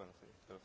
Bueno, sí, pero...